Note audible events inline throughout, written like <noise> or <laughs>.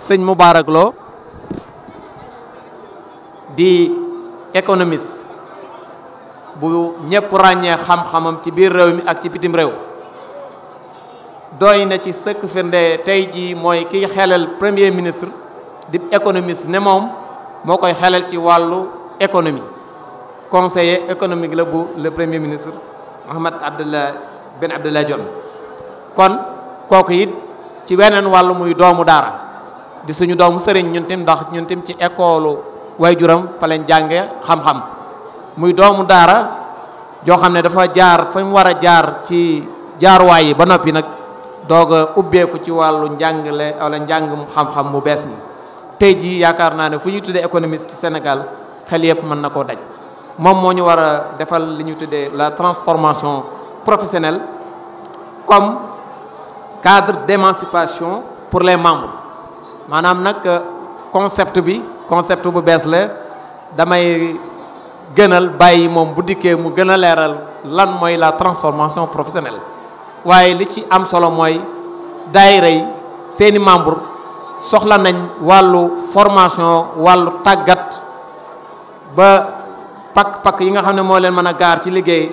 sëñ Moubarak loo di économiste bu ñépp ràññee xam-xamam ci biir réew mi ak ci bitim réew doy na ci sëkk firnde tey jii mooy kiy xelal premier ministre di économiste ne moom moo koy xelal ci wàllu économie conseiller économique la bu le premier ministre Mahammed Abdallah Ben Abdallah Dionne kon kooku it ci weneen wàllu muy doomu daara di suñu doomu sëriñ ñun tim ndax ñun tim ci école wayjuram fa leen jàngé xam-xam muy doomu daara jo dafa jaar fa mu wara jaar ci jaarwaay yi ba nopi nak doga ubbe ko ci walu njàngale wala mu xam-xam mu bes ni tay ji yaakaar naa ne fu ñuy ci Sénégal xel man nako daj mom ñu defal li ñu la transformation professionnelle comme cadre d'émancipation pour les membres maanaam nag euh, concept bi concept bu bees la damay gënal bàyyi moom bu dikkee mu gën a leeral lan mooy la transformation professionnelle waaye li ci am solo mooy daayira yi seeni membre soxla nañ wàllu formation wàllu tàggat ba pakk-pakk yi nga xam ne moo leen mën a gaar ci liggéey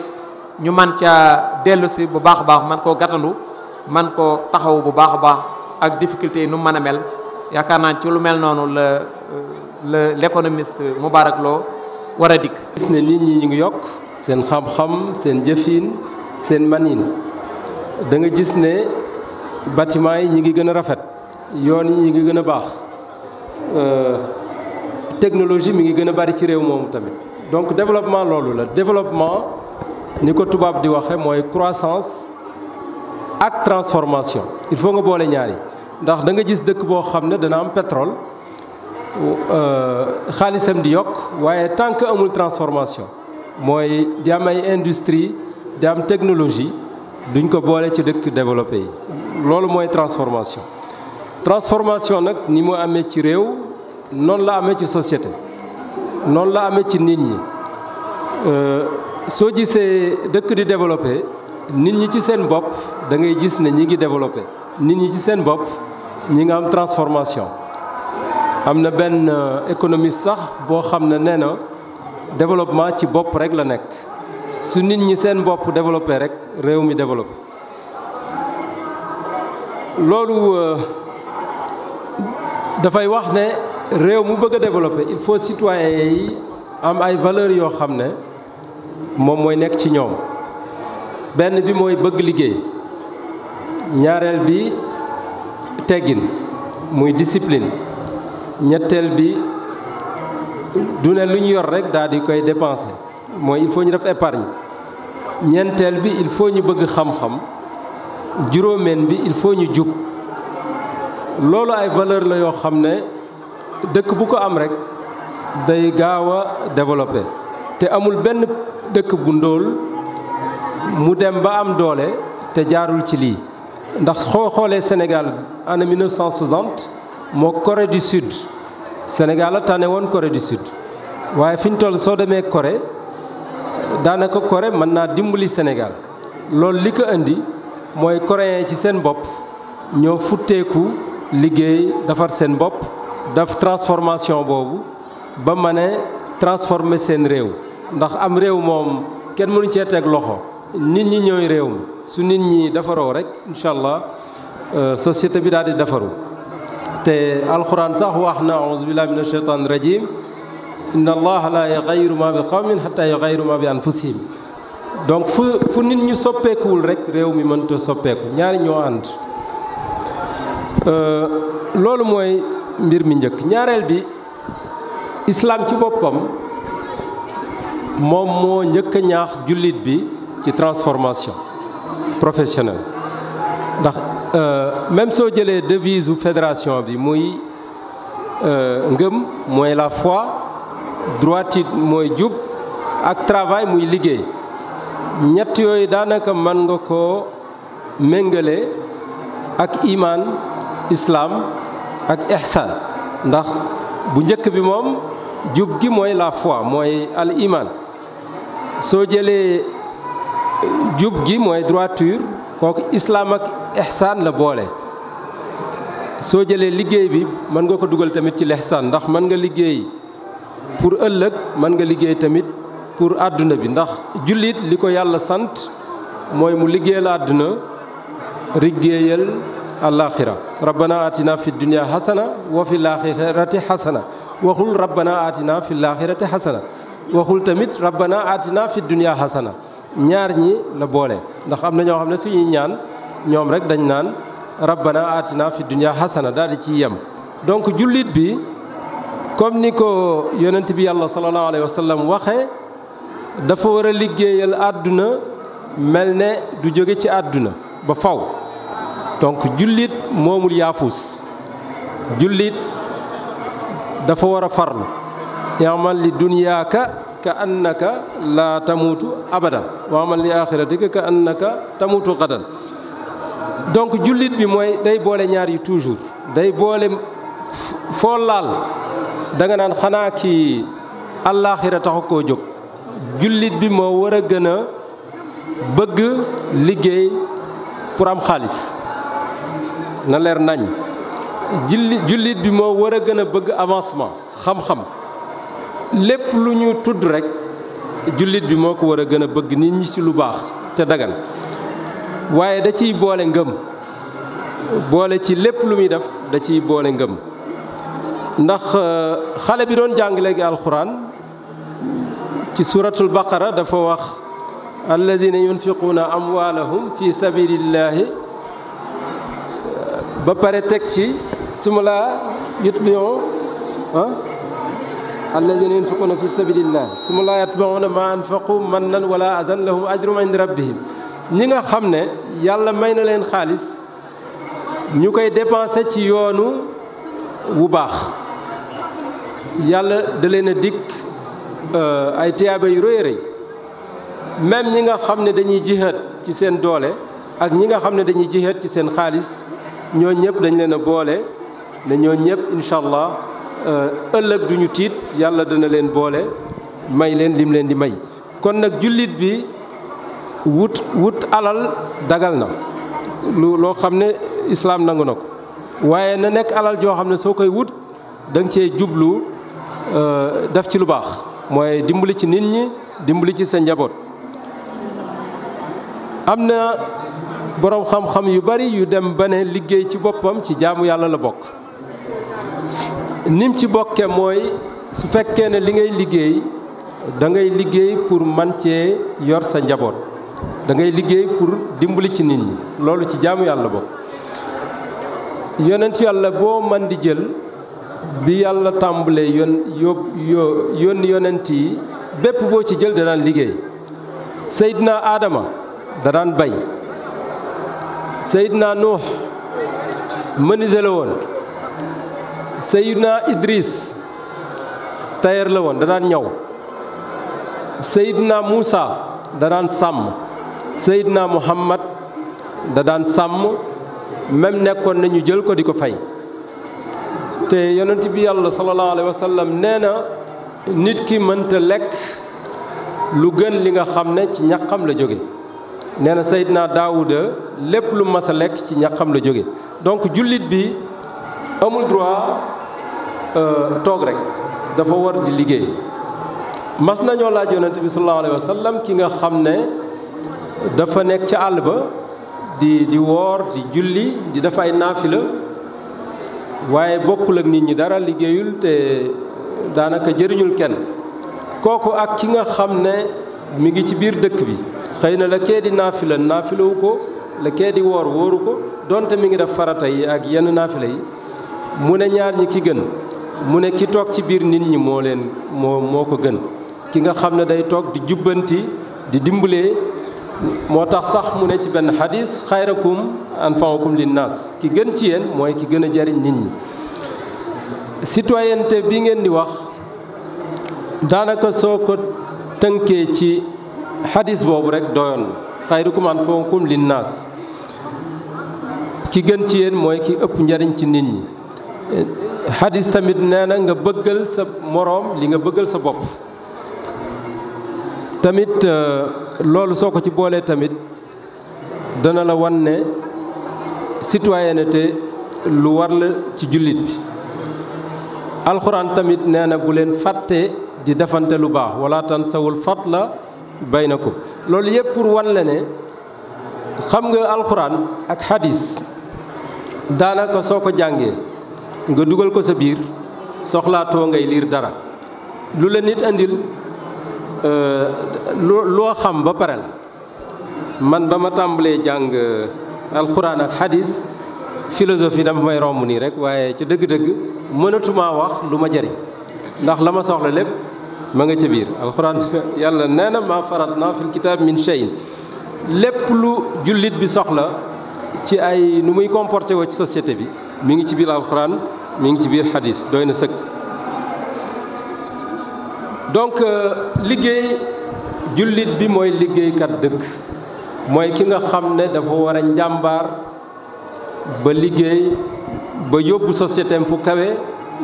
ñu man ca dellusi bu baax a baax man koo gàttandu man koo taxaw bu baax a baax ak difficulté yi nu mën a mel yakarna naa ci lu mel euh, l'économiste Mubarak Lo wara a dikk. gis ne nit ñi ñu ngi yokk seen xam-xam seen jëfin seen manine da nga gis ne bâtiment yi ñi ngi gëna rafet yoon yi ñi ngi gëna bax euh technologie mi ngi gëna bari ci réew moomu tamit donc développement loolu la développement ni ko tubaab di waxe mooy croissance ak transformation il faut nga boole ñaar yi ndax da nga gis dëkk boo xam ne dana am pétrole euh, xaalisam di yokk waaye tant que amul transformation mooy di am ay industrie di am technologie duñ ko boole ci dëkk développé yi loolu mooy transformation transformation nag ni mu amee ci réew noonu la amee ci société noonu la amee ci nit ñi euh, soo gisee dëkk di développé nit ñi ci seen bopp da ngay gis ne ñi ngi développé nit ñi ci seen bopp ñi nga am transformation am na benn euh, économiste sax boo xam ne développement ci bop rek la nek su nit ñi seen bop développer rek réew mi lolu euh, da fay wax ne réew mu bëgg développer il faut citoyens yi am ay valeurs yo xam mom moy nek ci ñom ben bi moy bëgg liggéey ñaarel bi teggin muy discipline ñetteel bi du ne lu ñu yor rek daal di koy dépenser mooy il faut ñu def épargne ñeenteel bi il faut ñu bëgg xam-xam juróomeen bi il faut ñu jub loolu ay valeur la yoo xam ne dëkk bu ko am rek day gaaw a développé te amul benn dëkk bu ndóol mu dem ba am doole te jaarul ci lii ndax xoo xoolee Sénégal année 1960 moo Corée du Sud Sénégal a tane woon Corée du Sud waaye fi ñu toll soo demee kore daanaka Corée mën naa dimbali Sénégal loolu li ko indi mooy coréen ci seen bopp ñoo futteeku liggéey defar seen bopp daf transformation boobu ba ma ne transformer seen réew ndax am réew moom kenn mënu cee loxo nit ñi ñooy réew mi su nit ñi defaroo rek incha allah société bi daal di defaru te alxuraan sax wax na auzu billahi min asheytan rajim inna allaha la yuxayyiru ma bi qawmin hatta yuxayyiru ma bi anfusihim donc fu fu nit ñi soppeekuwul rek réew mi mënta soppeeku ñaari ñoo ànd loolu mooy mbir mi njëkk ñaareel bi islam ci boppam moom moo njëkk a ñaax jullit bi ci transformation professionnel ndax euh, même soo jëlee devise u fédération bi muy euh, ngëm mooy la foi droiture mooy jub ak travail muy liggéey ñett yooyu daanaka mën nga ko méngale ak imaan islaam ak ihsaan ndax bu njëkk bi moom jub gi mooy la foi mooy al iman soo jëlee djub gi moy droiture kooku islam ak ihsan la bolé so jélé liggéey bi man nga ko duggal tamit ci l'ihsan ndax man nga liggéey pour ëlëk man nga liggéey tamit pour aduna bi ndax julit liko yàlla sante moy mu liggéeyal la aduna riggéeyal الآخرة ربنا آتنا في الدنيا حسنة وفي الآخرة حسنة وقل ربنا آتنا في الآخرة حسنة وقل تمت ربنا آتنا في الدنيا حسنة ñaar ñi la boole ndax am na ñoo xam ne suñuy ñaan ñoom rek dañ naan rabbana atina fi dunya hasana daal di ci yem donc jullit bi comme ni ko yonent bi yàlla sallallahu alayhi wa sallam waxe dafa war a liggéeyal àdduna mel ne du jóge ci àdduna ba faw donc jullit moomul yaafus jullit dafa war a farlu yaamal li dunyaaka كأنك لا تموت أبدا وعمل لآخرتك كأنك تموت غدا دونك جوليت بموي داي بولي نياري توجور داي بولي فولال دا نان خانا كي الاخره تاخو كو جوك جوليت بي مو ورا گنا بڬ خالص نلير ناني جوليت بي مو ورا گنا بڬ خم خم lépp lu ñu tudd rek julit bi moko wara gëna bëgg nit ñi ci lu baax te dagan waye da ci boole ngëm boole ci lépp lu mi def da ci boole ngëm ndax xale bi doon jàng léegi alquran ci suratul baqara dafa wax alladina yunfiquuna amwaalahum fi sabilillahi ba pare teg ci suma la الذين ينفقون في سبيل الله ثم لا يتبعون ما انفقوا منا ولا اذن لهم اجر عند ربهم نيغا خامن يالا ماينا لين خالص نيوكاي ديبانسي تي يونو وباخ يالا دلين ديك اي تيابا يروي ري ميم نيغا خامن داني جيهات تي سين دوله اك نيغا خامن داني جيهات تي سين خالص ньоñ ñep dañ leena boole ne ñoñ ñep inshallah Euh, ëllëg duñu tiit yàlla dana leen boole may leen lim leen di may kon nag jullit bi wut wut alal dagal na loo xam ne islaam nangu na ko waaye na nekk alal joo xam ne soo koy wut danga cee jublu euh, def ci lu baax mooy dimbali ci nit ñi dimbali ci sa njaboot am na boroom xam-xam yu bari yu dem ba ne liggéey ci boppam ci jaamu yàlla la bokk nim ci bokke mooy su fekkee ne li ngay liggéey dangay liggéey pour man cee yor sa njaboot dangay liggéey pour dimbali ci nit ñi loolu ci jaamu yàlla bokk yonent yàlla boo man di jël bi yàlla tàmbalee yon yób yónni yonent yi bépp boo ci jël danaan liggéey Seydina Adama da daan bay Seydina Nuux menuisier la Seydina Idris tailleur la woon danaan ñaw Seydina Moussa danaan sàmm naa Muhammad da daan sàmm même nekkoon nañu jël ko di ko fay te yonent bi yàlla sallallahu alayhi wa sallam nee na nit ki mënta lekk lu gën li nga xam ne ci ñaxam la jóge nee na naa Daawuda lépp lu mas a lekk ci ñaxam la jóge donc jullit bi amul droit Euh, toog rek dafa war di liggéey mas nañoo laaj yonent bi sallallahu alayhi wa ki nga xam ne dafa nekk ca àll ba di di woor di julli di def ay naafila waaye bokkul ak nit ñi dara liggéeyul te daanaka jëriñul kenn kooku ak ki nga xam ne mu ngi ci biir dëkk bi xëy na la kee di naafila naafilawu ko la kee di woor wóoru ko donte mi ngi def farata yi ak yenn naafila yi mu ne ñaar ñi ki gën mu ne ki toog ci biir nit ñi moo leen moo moo ko gën ki nga xam ne day toog di jubbanti di dimbalee moo tax sax mu ne ci benn xadis xayrakum anfa'ukum linnaas ki gën ci mooy ki gën a jariñ nit ñi citoyenneté bi ngeen di wax daanaka soo ko tënkee ci xadis boobu rek doyoon xayrukum anfa'ukum linnaas ki gën ci yéen mooy ki ëpp njariñ ci nit ñi xadis tamit nee na nga bëggal sa moroom li nga bëggal sa bopp tamit euh, loolu soo ko ci boolee tamit dana la wan ne citoyenneté lu war la ci jullit bi alxuraan tamit nee na bu leen fàtte di defante lu baax wala tansawul fadla baynakum loolu yëpp pour wan la ne xam nga alxuraan ak xadis daanaka soo ko jàngee nga duggal ko sa biir to ngay lire dara lu la nit andil lo xam ba pare la man bama tambale jàng alxuraan ak hadith philosophie dama may romb ni rek waye ci deug deug meunatuma wax luma jari ndax lama soxla lépp ma nga ci biir alxuraan yàlla nee ma faratna fil kitab min shay lépp lu julit bi soxla ci ay numuy muy comporté woo ci société bi mi ngi ci biir alxuraan mi ngi ci biir xadis doy na sëkk donc euh, liggéey jullit bi mooy liggéeykat dëgg mooy ki nga xam ne dafa war a njàmbaar ba liggéey ba yóbbu société fu kawe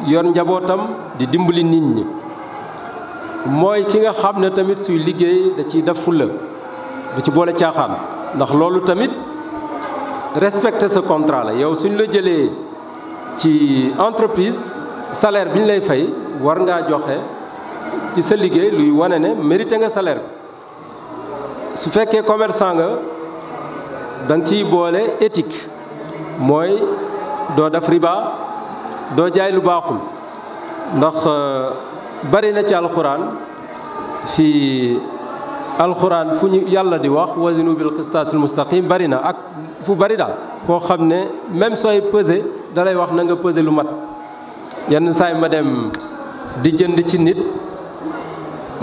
yor njabootam di dimbali nit ñi mooy ki nga xam ne tamit suy liggéey da ciy def fulla bu ci boole caaxaan ndax loolu tamit respecter sa contrat la yow suñ la jëlee ci entreprise salaire biñ lay fay war nga joxe ci sa liggéey luy wane ne mérité nga salaire bi su fekkee commerçant nga da nga ciy boole éthique mooy doo def riba doo jaay lu baaxul ndax bari na ci alxuraan fi alxuraan fu ñu yàlla di wax wasinu bil qistaasil mustaqim bari na ak fu bari daal foo xam ne même sooy peser dalay wax na nga peser lu mat yenn saay ma dem di jënd ci nit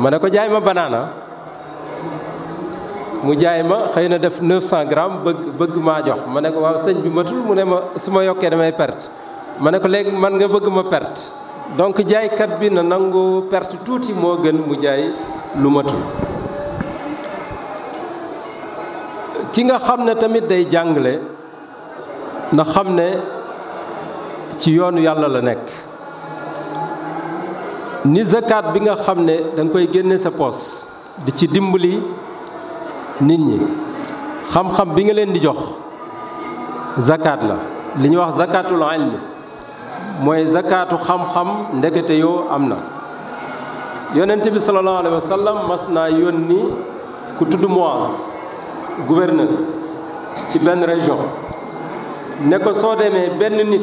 ma ne ko jaay ma banaana mu jaay ma xëy na def 900 grammes bëgg bëgg maa jox ma ne ko waaw sëñ bi matul mu ne ma su ma yokkee damay perte ma ne ko léegi man nga bëgg ma perte donc jaaykat bi na nangu perte tuuti moo gën mu jaay lu matul ki nga xam ne tamit day jàngale na xam ne ci yoonu yàlla la nekk ni zakat bi nga xam ne danga koy génne sa poos di ci dimbali nit ñi xam-xam bi nga leen di jox zakat la li ñuy wax zakatul ilmi mooy zakatu xam-xam ndekete yoo am na yonent bi sallallahu alayhi wa mas naa yoon yónni ku tudd Muaz gouverneur ci benn région ne ko soo demee benn nit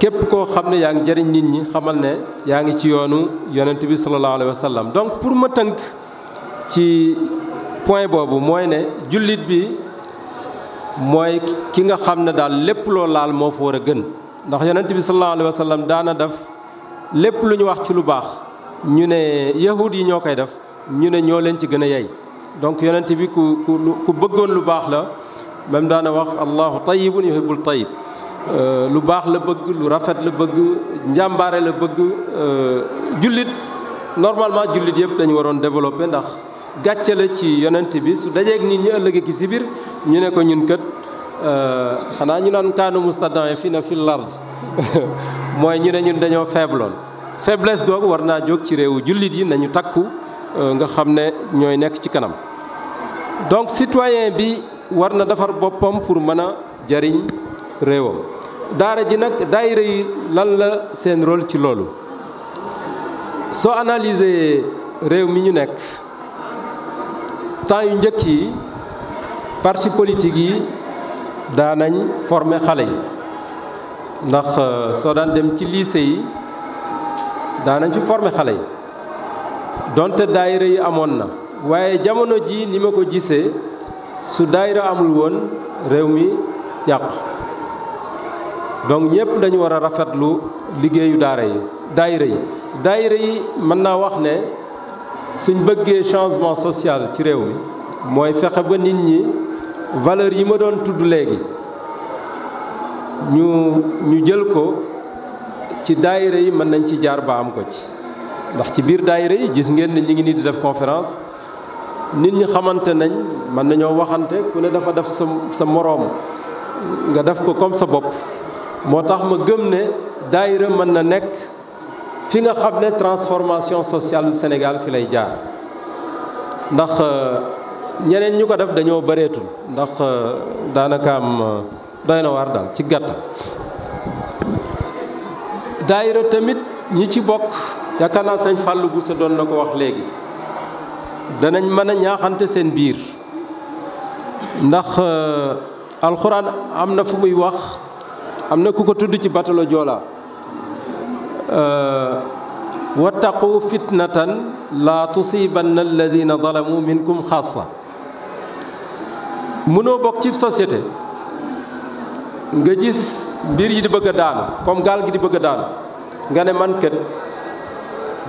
képp koo xam ne yaa ngi jëriñ nit ñi xamal ne yaa ngi ci yoonu yonent bi sallallahu alayhi wa sallam donc pour ma tënk ci point boobu mooy ne jullit bi mooy ki nga xam ne daal lépp loo laal moo fa war a gën ndax yonent bi sallallahu alayhi wa sallam daana def lépp lu ñu wax ci lu baax ñu ne yahud yi ñoo koy def ñu ne ñoo leen ci gën a yey donc yonent bi ku ku ku bëggoon lu baax la même daana wax allahu tayyibun yuhibbul tayyib Euh, lu baax la bëgg lu rafet la bëgg njàmbaare la bëgg euh, jullit normalement jullit yëpp dañu waroon développé ndax gàcce la ci yonent bi su dajeeg nit ñi ëllëg ki si biir ñu ne ko ñun kat euh, xanaa ñu naan kaanu mustadaan fi na fi lard <laughs> mooy ñu ne ñun dañoo faibloon faiblesse googu war naa jóg ci réewu jullit yi nañu takku nga xam ne ñooy nekk ci kanam donc citoyen bi war na defar boppam pour mën a jariñ réewam daara ji nag daayira yi lan la seen rôle ci loolu soo analyser réew mi ñu nekk temps yu njëkk yi parti politique yi daanañ former xale yi ndax euh, soo daan dem ci lycée yi daanañ fi former xale yi doonte daayira yi amoon na waaye jamono ji ni ma ko gisee su daayira amul woon réew mi yàqu donc ñëpp dañu war a rafetlu liggéeyu daara yi daayira yi daayira yi mën naa wax ne suñ bëggee changement social ci réew mi mooy fexe ba nit ñi valeur yi ma doon tudd léegi ñu ñu jël ko ci daayira yi mën nañ ci jaar ba am ko ci ndax ci biir daayre yi gis ngeen ne ñi ngi nii di def conférence nit ñi xamante nañ mën nañoo waxante ku ne dafa def sa sa moroom nga def ko comme sa bopp motax ma gëm ne daayira mën na nekk fi nga xam ne transformation sociale du Sénégal fi lay jaar ndax ñeneen ñu ko def dañoo bëreetul ndax daanaka am doy na waar daal ci gàtt daayira tamit ñi ci bokk yaakaar naa fàllu Fallou sa doon na ko wax léegi danañ mën a ñaaxante seen biir ndax alxuraan am na fu muy wax am na ku ko tudd ci batalo joola euh, wattaqu fitnatan laa tusibanna alladina zalamu minkum xaasa mënoo bokk ci société nga gis mbir yi di bëgg a daanu comme gaal gi di bëgg a daanu nga ne man kat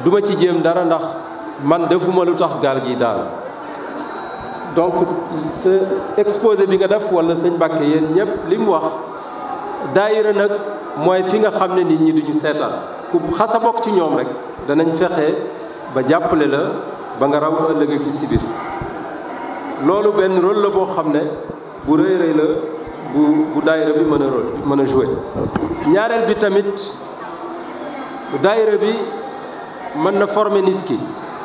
duma ci jéem dara ndax man defuma lu tax gaal gi daanu donc sa exposé bi nga def wala sëñ Mbàkke yéen ñëpp li mu wax daayira nag mooy fi nga xam ne nit ñi duñu seetaan ku xasa bokk ci ñoom rek danañ fexe ba jàppale la ba nga raw ëllëg ci sibir loolu benn rôle la boo xam ne bu rëy rëy la bu bu daayira bi mën a rôle mën a joué ñaareel bi tamit daayira bi mën na former nit ki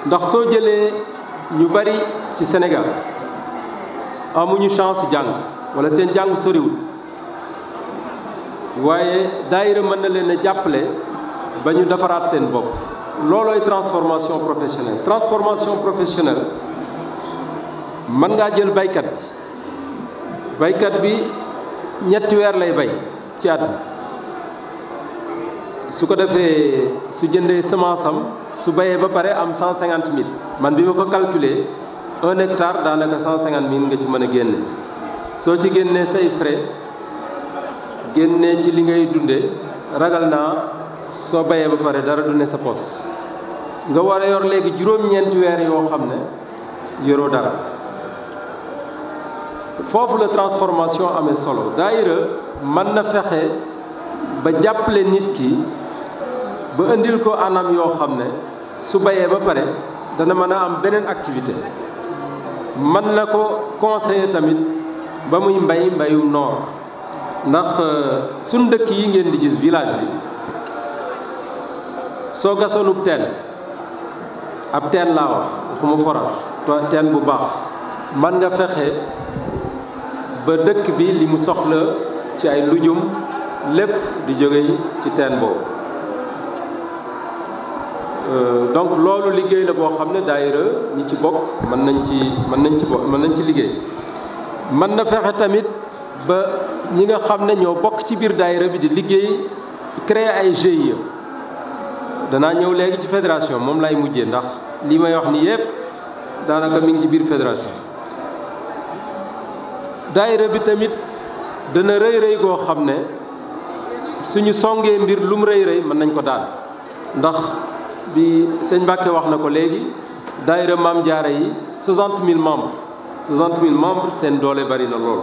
ndax soo jëlee ñu bari ci Sénégal amuñu chance jàng wala seen jàng soriwul waaye daayira mën na leen a jàppale ba ñu defaraat seen bopp loolooy transformation professionnelle transformation professionnelle mën ngaa jël baykat bi baykat bi ñetti weer lay bay ci at su ko defee su jëndee semence am su bayee ba pare am cent mille man bi ma ko calculer un hectare daanaka cent mille nga ci mën a génne soo ci génnee say frais génnee ci li ngay dunde ragal naa soo bayee ba pare dara du ne sa poos nga war a yor léegi juróom-ñeenti weer yoo xam ne yoroo dara foofu la transformation amee solo daayira man na fexe ba jàppale nit ki ba indil ko anam yoo xam ne su bayee ba pare dana mën a am beneen activité mën na ko conseiller tamit ba muy mbay mbayum noor ndax euh, suñ dëkk yi ngeen di gis village yi soo gasonub teen ab teen laa wax waxuma forage teen bu baax man nga fexe ba dëkk bi li mu soxla ci ay lujum lépp di jóge ci teen boobu euh, donc loolu liggéey la boo xam ne daayira ñi ci bokk mën nañ ci mën nañ ci bokk mën nañ ci liggéey mën na fexe tamit ba ñi nga xam ne ñoo bokk ci biir daayira bi di liggéey créer ay GIE danaa ñëw léegi ci fédération moom lay mujjee ndax li may wax ni yépp daanaka mi ngi ci biir fédération daayira bi tamit dana rëy goo xam ne suñu songee mbir lu mu rëy rëy mën nañ ko daan ndax bi sëñ Mbàkke wax na ko léegi daayira Maam Jaara yi 60 membre membres 60 000 membres seen doole bari na lool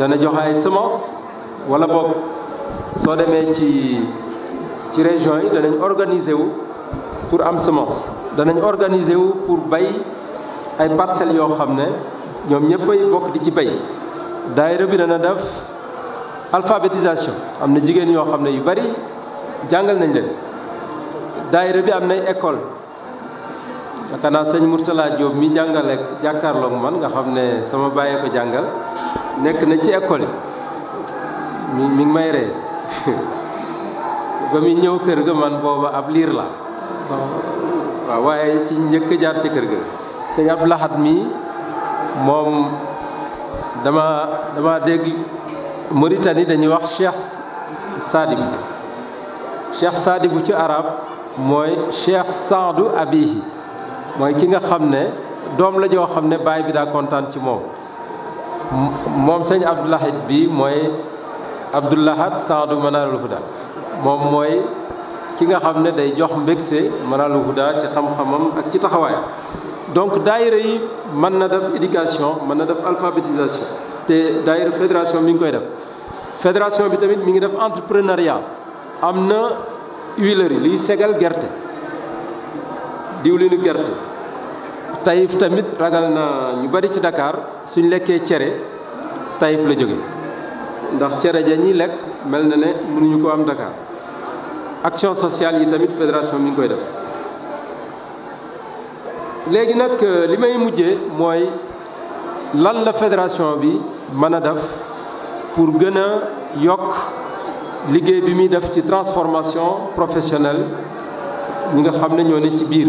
dana joxe ay semence wala boog soo demee ci ci région yi danañ organiser wu pour am semence danañ organiser wu pour bay ay parcelles yoo xam ne ñoom ñëpp ay bokk di ci bay daayira bi dana def alphabétisation am na jigéen yoo xam ne yu bari jàngal nañ leen daayira bi am nay école yaakaar naa sëñ Mourtala Diop mi jàngale jàkkaarloog man nga xam ne sama bàyyee ko jàngal nekk na ci ecole yi mi ngi may ree <laughs> ba muy ñëw kër ga man booba ab liir la waaw waaye ci njëkk jaar ci kër gi sëñ ab laxat mi moom dama dama dégg Mauritanie dañuy wax Cheikh Sadib Cheikh saadibu ci arab mooy Cheikh Saadu Abihi mooy ki nga xam ne doom la joo xam ne baay bi daa kontaan ci moom moom sëñ abdoulahad bi mooy abdoulahad saadu manaarul huda moom mooy ki nga xam ne day jox mbégte manaarul daal ci xam-xamam ak ci taxawaay donc daayira yi mën na def éducation mën na def alphabétisation te daayira fédération mi ngi koy def fédération bi tamit mi ngi def entrepreneuriat am na huilerie liy segal gerte diwlinu gerte Taïf tamit ragal na ñu bari ci dakaar suñ lekkee cere Taïf la jóge ndax cere ja ñuy lekk mel na ne mënuñu ko am Dakar action sociale yi tamit fédération mi ngi koy def léegi nag euh, li may mujje mooy lan la fédération bi mën a def pour gën a yokk liggéey bi muy def ci transformation professionnelle ñi nga xam ne ñoo ne ci biir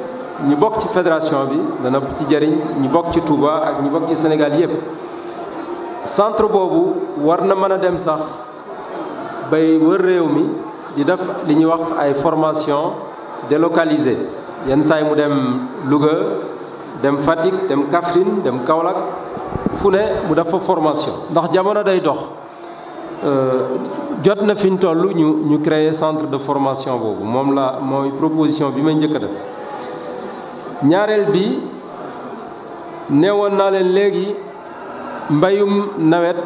ñi bok ci fédération bi dana ci jëriñ ñi bok ci Touba ak ñi bok ci Sénégal yépp centre bobu war na dem sax bay wër réew mi di def li ñuy wax ay formation délocalisée yenn saay mu dem Louga dem fatik dem Kaffrine dem Kaolack fu ne mu def fa formation ndax jamono day dox jot na fiñ ñu toll ñu ñu créer centre de formation boobu moom la mooy proposition bi may njëkk a def ñaareel bi neewoon naa leen léegi mbayum nawet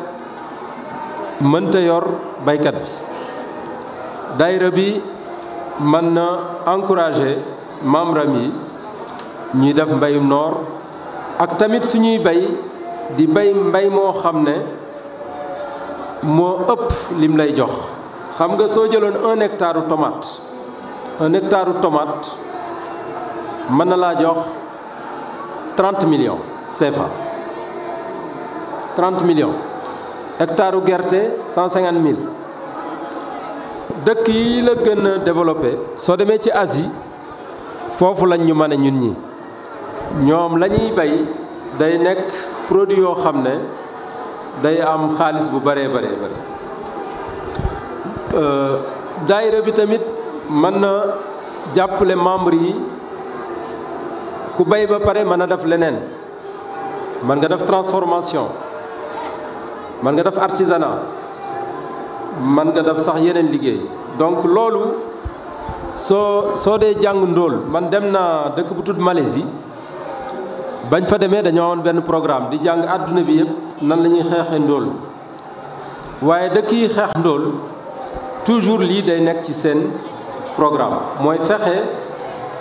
mënta yor baykat bi daayira bi mën na encourager membre am yi ñuy def mbayum noor ak tamit suñuy bay di bay mbay moo xam ne moo ëpp lim lay jox xam nga soo jëloon un hectare tomate un hectare mën na laa jox 30 millions CFA trent millions hectare gerte 150 mille dëkk yi la gën a développé soo demee ci Asie foofu lañ ñu mën a ñun ñi ñoom la ñuy bay day nekk produit yoo xam ne day am xaalis bu bëree bëree bëri euh, daayira bi tamit mën na jàppale membre yi ku bay ba pare manadaf transformation manadaf nga artisanat mën nga def sax yeneen donc lolo, so so de jàng ndóol man dem naa dëkk bu tudd Malaisie bañ fa de dañoo amoon benn programme di jang àdduna bi nan la ñuy xeexee ndóol de dëkk yi xeex toujours lii day nekk ci programme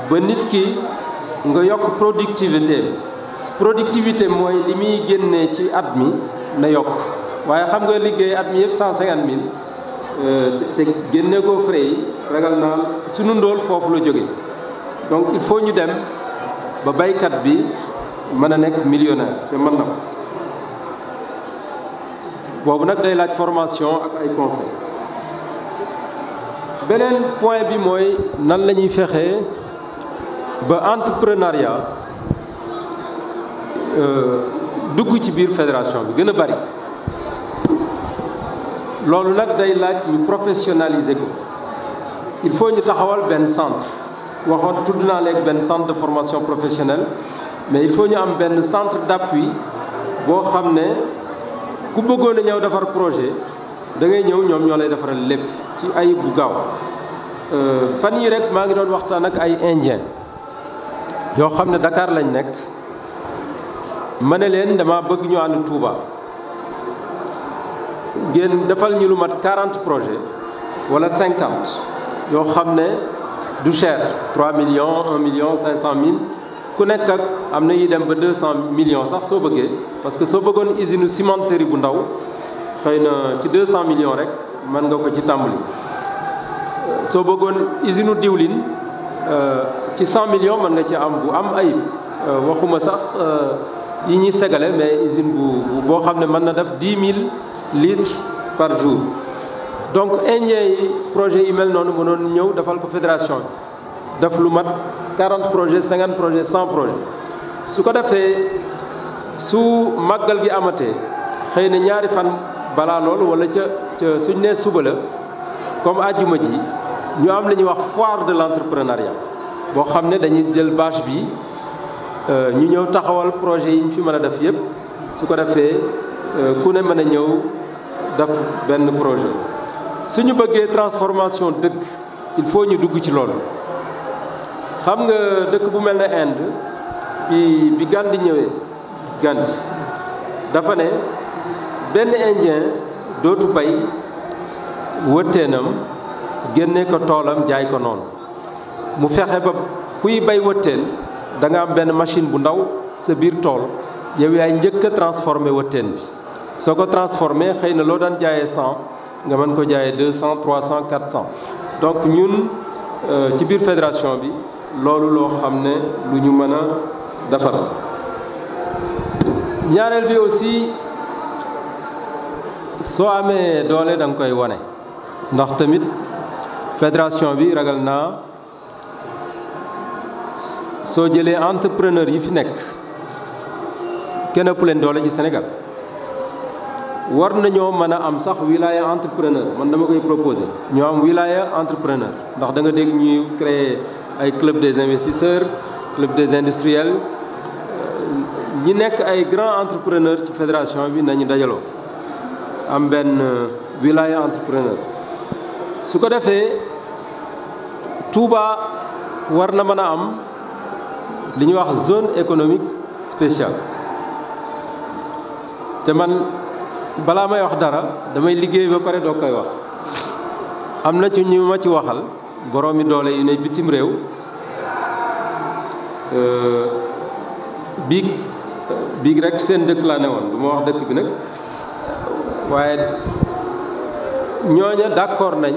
ba nit ki nga yokk productivité productivité mooy li muy génnee ci at mi na yokk waaye xam nga liggéey at mi yëpp cent cinquante mille euh, te génne ko frais yi ragal naa sunu ndóol foofu la jóge donc il faut ñu dem ba baykat bi mën a nekk millionnaire te mën na ko boobu nag day laaj formation ak ay conseils beneen point bi mooy nan la ñuy fexee ba entrepreneuriat euh, dugg ci biir fédération bi gën a bari loolu nag day laaj ñu professionnaliser ko il faut ñu taxawal benn centre waxoon tudd naa léegi benn centre de formation professionnelle mais il faut ñu am benn centre d'appui boo xam ne ku bëggoon a ñëw defar projet da ngay ñëw ñoom ñoo lay defaral lépp ci ayib bu gaaw euh, fan yi rek maa ngi doon waxtaan ak ay indien yo savez, Dakar lañ nek mané len dama bëgg ñu Touba gën defal ñu lu mat 40 projets wala 50 yo xam du cher 3 millions 1 million 500 000 ku nek ak vous na yi dem ba 200 millions sax so bëggé parce que so bëggone usine cimenterie bu ndaw xeyna ci 200 millions rek man nga ko ci tambali so bëggone usine diwlin. Euh, ci 100 millions man nga ci am bu am ayib euh, waxuma sax euh, yi mais usine bu na 10 000 litres par jour donc un yi projet yi mel noonu mënoon ñëw defal ko fédération Il def lu 40 projets 50 projets 100 projets su ko defee su magal gi amaté xeyna ñaari fan bala lool wala ci suñ né suba la comme aljuma ji ñu am la ñuy wax foire de l'entrepreneuriat bo xam dañuy jël bâche bi euh ñu ñëw taxawal projet yi ñu fi mëna def yépp su ko defee euh, ku ne mëna a ñëw def benn projet suñu bëggee transformation dëkk il faut ñu dugg ci loolu xam nga dëkk bu mel ne Inde bi bi gandi ñëwee gandi dafa ne benn indien dootu bay wëtteenam génné ko toolam jaay ko noonu mu fexe ba kuy bay wëttéen da nga am benn machine bu ndaw sa biir tool yow yaay njëkk a transformé wëttéen bi soo ko transformé xëy na loo daan jaayee 100 nga mën ko jaayee 200 300 400 donc ñun euh, ci biir fédération bi loolu loo xam ne lu ñu mën a defar ñaareel bi aussi soo amee doole da nga koy wane ndax tamit fédération bi ragal naa soo jëlee entrepreneur yi fi nekk kenn ëpp leen doole ci Sénégal war nañoo mën a am sax wilaya entrepreneur man dama koy proposer ñu am wilaya entrepreneur ndax da nga dégg ñuy créer ay club des investisseurs club des industriels ñi nekk ay grand entrepreneur ci fédération bi nañu dajaloo am benn euh, wilaya entrepreneur su ko defee Touba war na mën a am li ñuy wax zone économique special te man balaa may wax dara damay liggéey ba pare doo koy wax am na ci ñu ma ci waxal boroomi doole yu ne bitim réew euh, biig biig rek seen dëkk laa ne woon du ma wax dëkk bi nag waaye ñooña d'accord nañ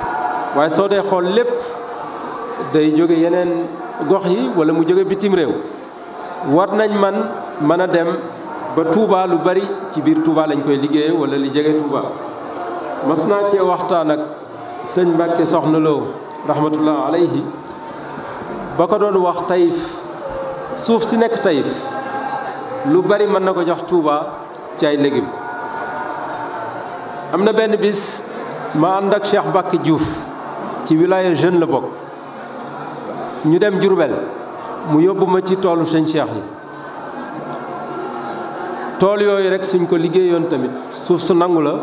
waaye soo dee xool lépp day jóge yeneen gox yi wala mu jóge bitim réew war nañ man mën a dem ba Touba lu bari ci biir Touba lañ koy liggéeye wala li jege Touba mas naa cee waxtaan ak sëñ Mbàkke Soxna Lo rahmatullah alayhi ba ko doon wax tayif suuf si nekk tayif lu bari mën na ko jox Touba ci ay légumes am na benn bis ma ànd ak Cheikh Mbacke juuf ci wilaya jeune la bokk ñu dem Diourbel mu yóbbu ma ci toolu sëñ Cheikh tool yooyu rek suñ ko liggéeyoon tamit suuf su nangu la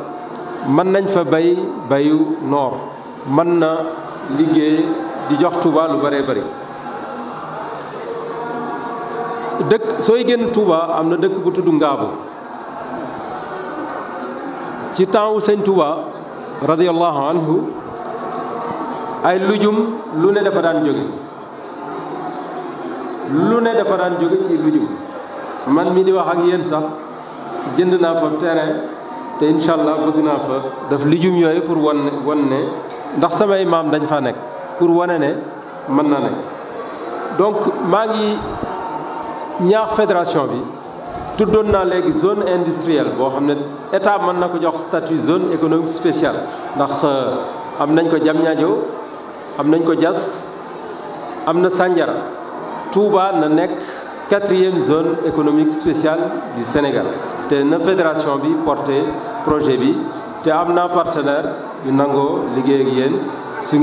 mën nañ fa bay bayu noor mën na liggéey di jox Touba lu bëree bëri dëkk sooy génn tuuba am na dëkk bu tudd Ngaabu ci temps wu sëñ Touba radiyallahu ay lujum lu ne dafa daan jóge lu ne dafa daan jóge ci lujum man mi di wax ak yéen sax jënd naa fa terrain te incha allah bëgg naa fa def lujum yooyu pour wan wan ne ndax samay maam dañ fa nekk pour wane ne mën na nekk donc maa ngi ñaax fédération bi tuddoon naa léegi zone industrielle boo xam ne état mën na ko jox statut zone économique spéciale ndax euh, am nañ ko Diamniadio Nous ko jass amna quatrième zone économique spéciale du Sénégal Té na fédération bi porté projet bi té amna partenaire yu nango liggéey ak yeen su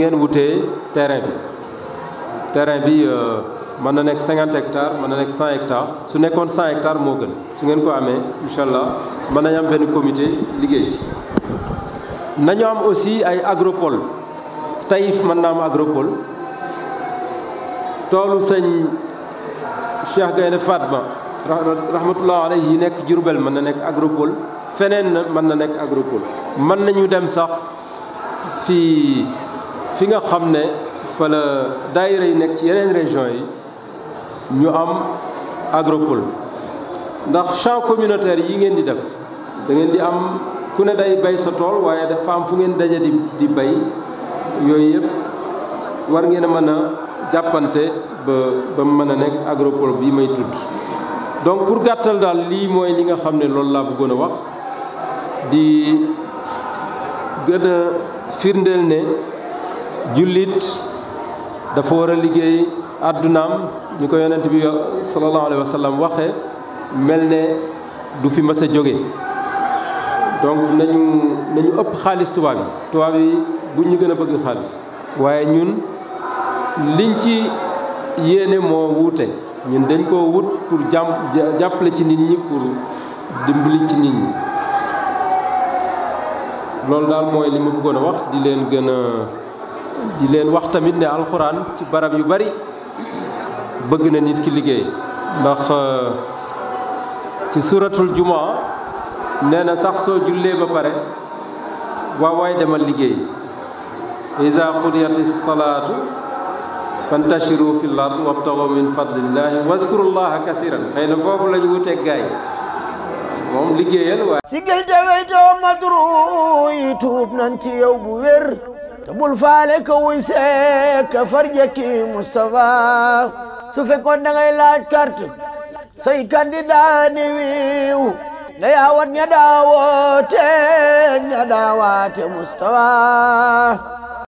terrain bi terrain bi 50 euh, hectares 100 hectares su avons 100 hectares Nous gën ko comité am aussi ay agropole Taïf mën naa am agropole toolu sëñ Cheikh Gaynde Fatma rahmatullah alayhi yi nekk Jurbel mën na nekk agropole feneen mën na nekk agropole mën nañu dem sax fii fi nga xam ne fa la daayira yi nekk ci yeneen région yi ñu am agropole ndax champ communautaire yi ngeen di def da ngeen di am ku ne day bay sa tool waaye dafa am fu ngeen daje di di bay yooyu yëpp war ngeen a mën a jàppante ba ba mën a nekk agropol bi may tudd donc pour gàttal daal lii mooy li nga xam ne loolu laa bëggoon a wax di gën a firndeel ne jullit dafa war a liggéey àddunaam ñu ko yonent bi sallallahu alayhi wa waxe mel ne du fi mas a jóge donc nañu nañu ëpp xaalis tubaab yi tubaab yi bu ñu gën a bëgg xaalis waaye ñun liñ ci yéene moo wuute ñun dañ koo wut pour jàmm jàppale ci nit ñi pour dimbali ci nit ñi loolu daal mooy li ma bëggoon a wax di leen gën a di leen wax tamit ne alxuraan ci barab yu bari bëgg na nit ki liggéey ndax euh, ci suratul jumaa nee na sax soo jullee ba pare waawaay demal liggéey iza qudiyati salaatu fantashiru fi l-ard wabtagu min fadlillahi wazkurullaha kasiran xëy na foofu lañu wuteeg gaay moom liggéeyal waaye sigil te weytoo madru yi tuub nan ci yow bu wér te bul faale ka wuy seek ka farjaki Moustapha su fekkoon da ngay laaj carte say candidat ni wiiw na yaawat ña daawoote ña daawaate Moustapha